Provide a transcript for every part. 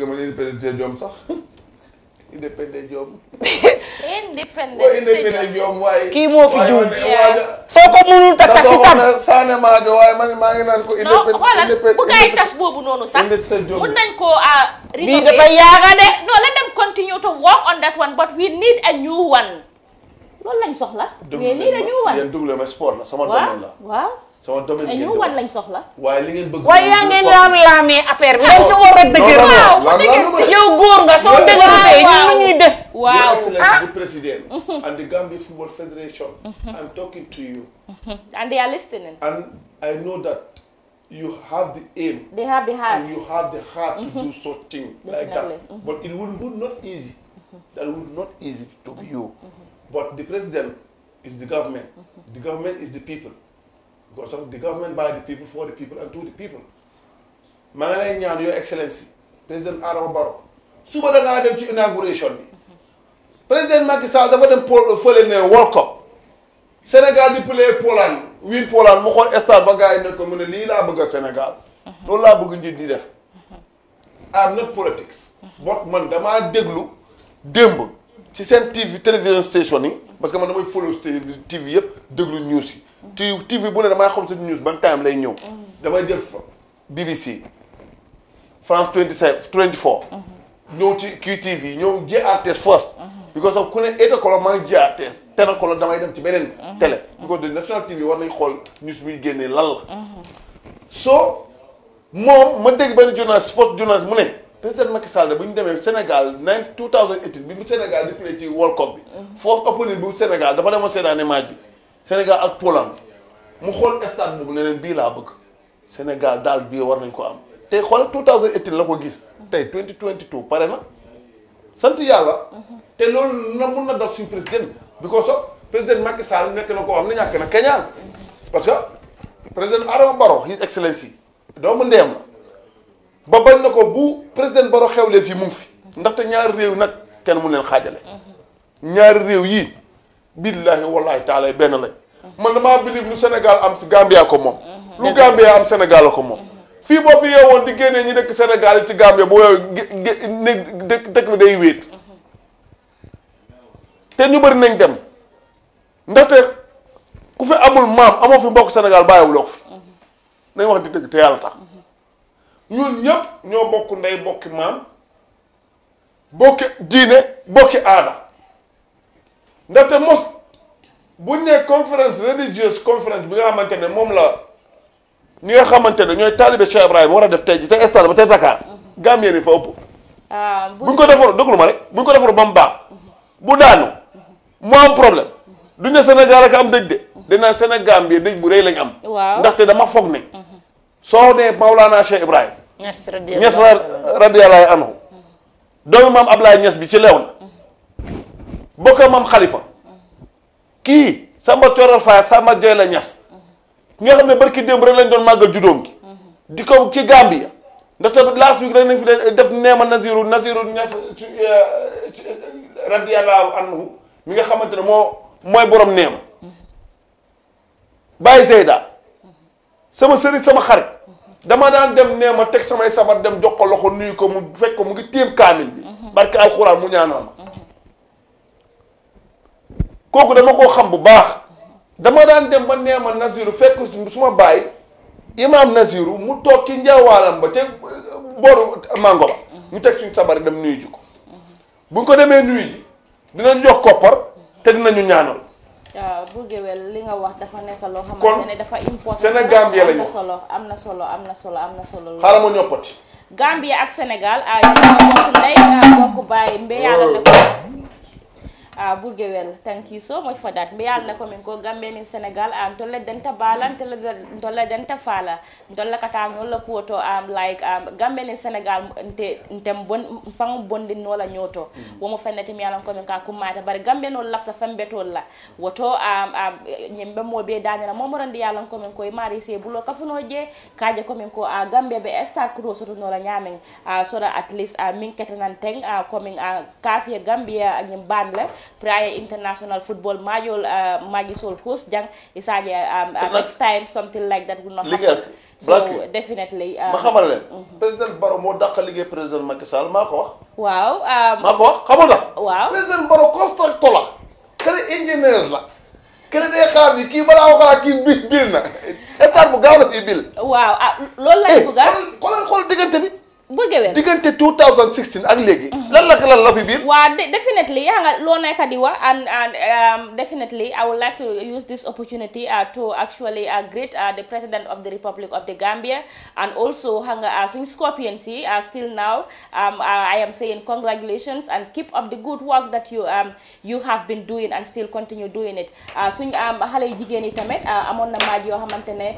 dama leen indépendance joom sax indépendance joom. indépendance joom waaye. kii moo fi jiw soo ko mënul takk si tam da maa ngi naan ko. indépendance bu gaay tas boobu noonu sax. mun nañ koo à. Ah, bii dafa yaaga de. non let them continue to work on that one but we need a new one. loolu lañ soxla. mais la ñu war yéen double sport ah the president. and the Gambia Football Federation. I'm talking to you. and they are listening. and I know that you have the aim. they have the heart. and you have the heart to do mm-hmm. such thing. like that mm-hmm. but it would would not easy. Mm-hmm. that would not easy to you. but the president is the government. the government is the people. because of the government by the people for the people and to the people maa ngi ñaan your excellency président Adama Barrow suba da dem ci inauguration bi président Macky Sall dafa dem euh, fële ne World Cup Sénégal di play Poland win Poland mu xool stade ba gars yi ne ko lii laa bëgg a Sénégal mhm. loolu laa bëgg njiit di def am mhm. not politics mhm. bot man damaa déglu démb ci seen TV télévision station yi parce que man damay follow TV yëpp déglu news yi ti TV bu ne damay xam suñu news ban time lay ñëw. Mm. damay jël BBC France 27 24. Mm-hmm. ñëw ci QTV ñëw GRTS first. Mm-hmm. because of ku ne eight o'clock maa ngi GRTS ten o'clock damay dem ci beneen. Mm-hmm. télé because de national TV war nañ xool news bi génnee lan so moom ma dégg benn journaliste sport journaliste mu ne. président Macky Sall bu ñu demee Sénégal nine 2018 bi mu senegal di play ci World Cup bi. foofu opponent bu senegal dafa demoon seetaane match bi. Sénégal ak Pologne mu xool stade boobu ne leen bii laa bëgg Sénégal daal bii war nañ ko am te xool 2018 la ko gis tey 2022 pare na sant yàlla. te loolu na mun na def suñu président bi ko so président Macky Sall nekk na koo xam ne ñàkk na keñaan parce que président Adama Barrow his excellency doomu ndeem la ba bañ na ko bu président xew xewlee fii mu ngi fi ndaxte ñaari réew nag kenn mu leen xaajale mhm. ñaari réew yi billaahi wallaahi taala benn lañ man damaa believe lu Sénégal am si Gambia ko moom. lu Gambia am Sénégal ko moom. fii boo fi yeewoon di génnee ñi dëkk Sénégal ci Gambia boo ne dëkk bi day wéet. te ñu bëri nañ dem ndaxte ku fi amul maam amoo fi mbokk Sénégal bàyyiwuloo wax di dëgg te yàlla tax ñun ñëpp ñoo bokk ndey bokki maam bokki diine bokki aada ndaxte mos. buñ ne conférence religieuse conférence bi nga xamante ne moom la ñi nga xamante ne ñooy taalibe Cheikh Ibrahima war a def tey ji te stade ba te Dakar Gambien yi fa ëpp. Ah, buñ ko defaroon déglu ma rek buñ ko defaroon ba baax bu daanu mu am problème duñ ne Sénégal ak am dëj de dinaa Sénégal bi dëj bu rey lañ am. waaw ndaxte dama foog ne. soo nee Maulana Cheikh Ibrahima. Niass radiyallahu anhu doomu maam Ablaye Niass bi ci leew na bokk maam Khalifa. kii sama Coral Faye sama Joy la Ñas nga xam ne barki démb rek lañ doon màggal judóom gi di ko ci Gambia ndax tamit last week rek nañ fi def neema Naziru Naziru Ñas euh, radiyallahu anhu mi nga xamante ne moo mooy borom neema bàyyi Seyda sama sëriñ sama xarit dama daan dem neema teg samay sabar dem jox ko loxo nuyu ko mu fekk ko mu ngi téem kaamil bi mhm. barke alxuraan mu ñaanal kooku dama koo xam bu baax dama daan dem ba neema Nasiru fekk su ma bàyyi imaam Nasiru mu toog ci njawaalam ba te uh, boru mango ba ñu teg suñ sabari dem nuyu ji ko bu ñu ko demee nuyu ji dinañ jox koppar te dinañu ñaanal waaw bu géwél li nga wax dafa nekk loo xamante ne dafa important Sénégal bi lañu solo am na solo am na solo am na solo xaaral ma ñoppati Gambie ak Sénégal a ah, ñu bokk ndey bokk bàyyi mbéyaala ne oh. ko uh, Burgewell. Thank you so much for that. Mbe yalla ko min ko gambe ni Senegal am tolle denta balan tele tolle denta fala. Tolle kata ngola kuoto am like um, Senegal nte nte bon fang bondi no la nyoto. Mm. Womo fenete mi yalla ko min ka kumata bare gambe no lafta fembe tolla. Woto am um, am um, nyembe mo be danyala momo randi yalla ko min ko mari se bulo je kaje ko min a uh, gambe be star kudo soto no la nyamen a uh, at least a uh, min ketenan a a prior international football majol uh, magisol host jang isaje um, uh, next time something like that will not happen so definitely ma um, xamal mhm. Barrow moo dàq liggéey président Macky Sall maa ko wax waaw um, maa ko wax xamal la waaw président Barrow constructeur la kene la kene day xaar kii balaa waxalaa kii biir biir na état bu gaaw waaw ah loolu lañ eh, bëgg a xoolal xool diggante bi bëggewel diggante 2016 ak léegi. Mhm. lan la lan la fi biir. waaw definitely yaa nga loo nekk di wax and and um, definitely I would like to use this opportunity uh to actually uh greet uh the president of the Republic of the Gambia and also xam nga uh, suñu scorpions uh still now um uh, I am saying congratulations and keep up the good work that you um you have been doing and still continue doing it uh, suñu um, xale yu jigéen yi tamit amoon na maaj yoo xamante ne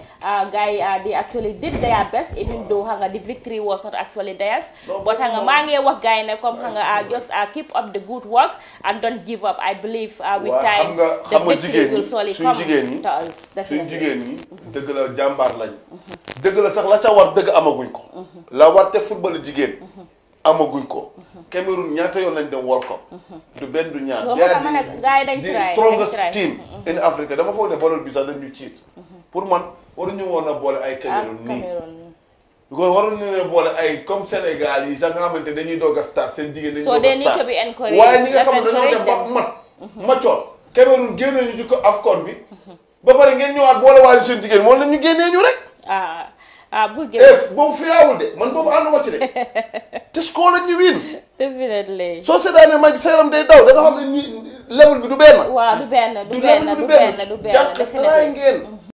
gars uh they actually did their best even though hanga the victory was not actually. volunteers but hanga mange wax guy ne comme hanga just uh, keep up the good work and don't give up I believe uh, with time the victory will surely come to us suñ jigéen ñi mm-hmm. dëgg la jàmbaar lañ mm-hmm. dëgg la sax la ca war dëgg amaguñ ko mm-hmm. la warte football jigéen amaguñ ko Cameroon ñaata yoon lañ de World Cup du benn du ñaan di strongest team in Africa dama foog ne ballon bi sax dañu ciit pour man waruñu woon a boole ay ah, Cameroon nii because waroon nañu leen boole ay comme Sénégal yi sax nga xamante ne dañuy doog a start seen jigéen dañuy doog a start waaye ñi nga xam ne bi. Mm-hmm. ba pare ngeen a boole waayu seen jigéen moom la ñu génnee ñu rek. ah ah bu jëlee boobu fiyaawul de man boobu ànduma ci de te score lañ ñu wiin. definitely soo seetaanee ma sa day daw da nga xam ne nii level bi du benn. waaw du benn du benn du benn du benn du benn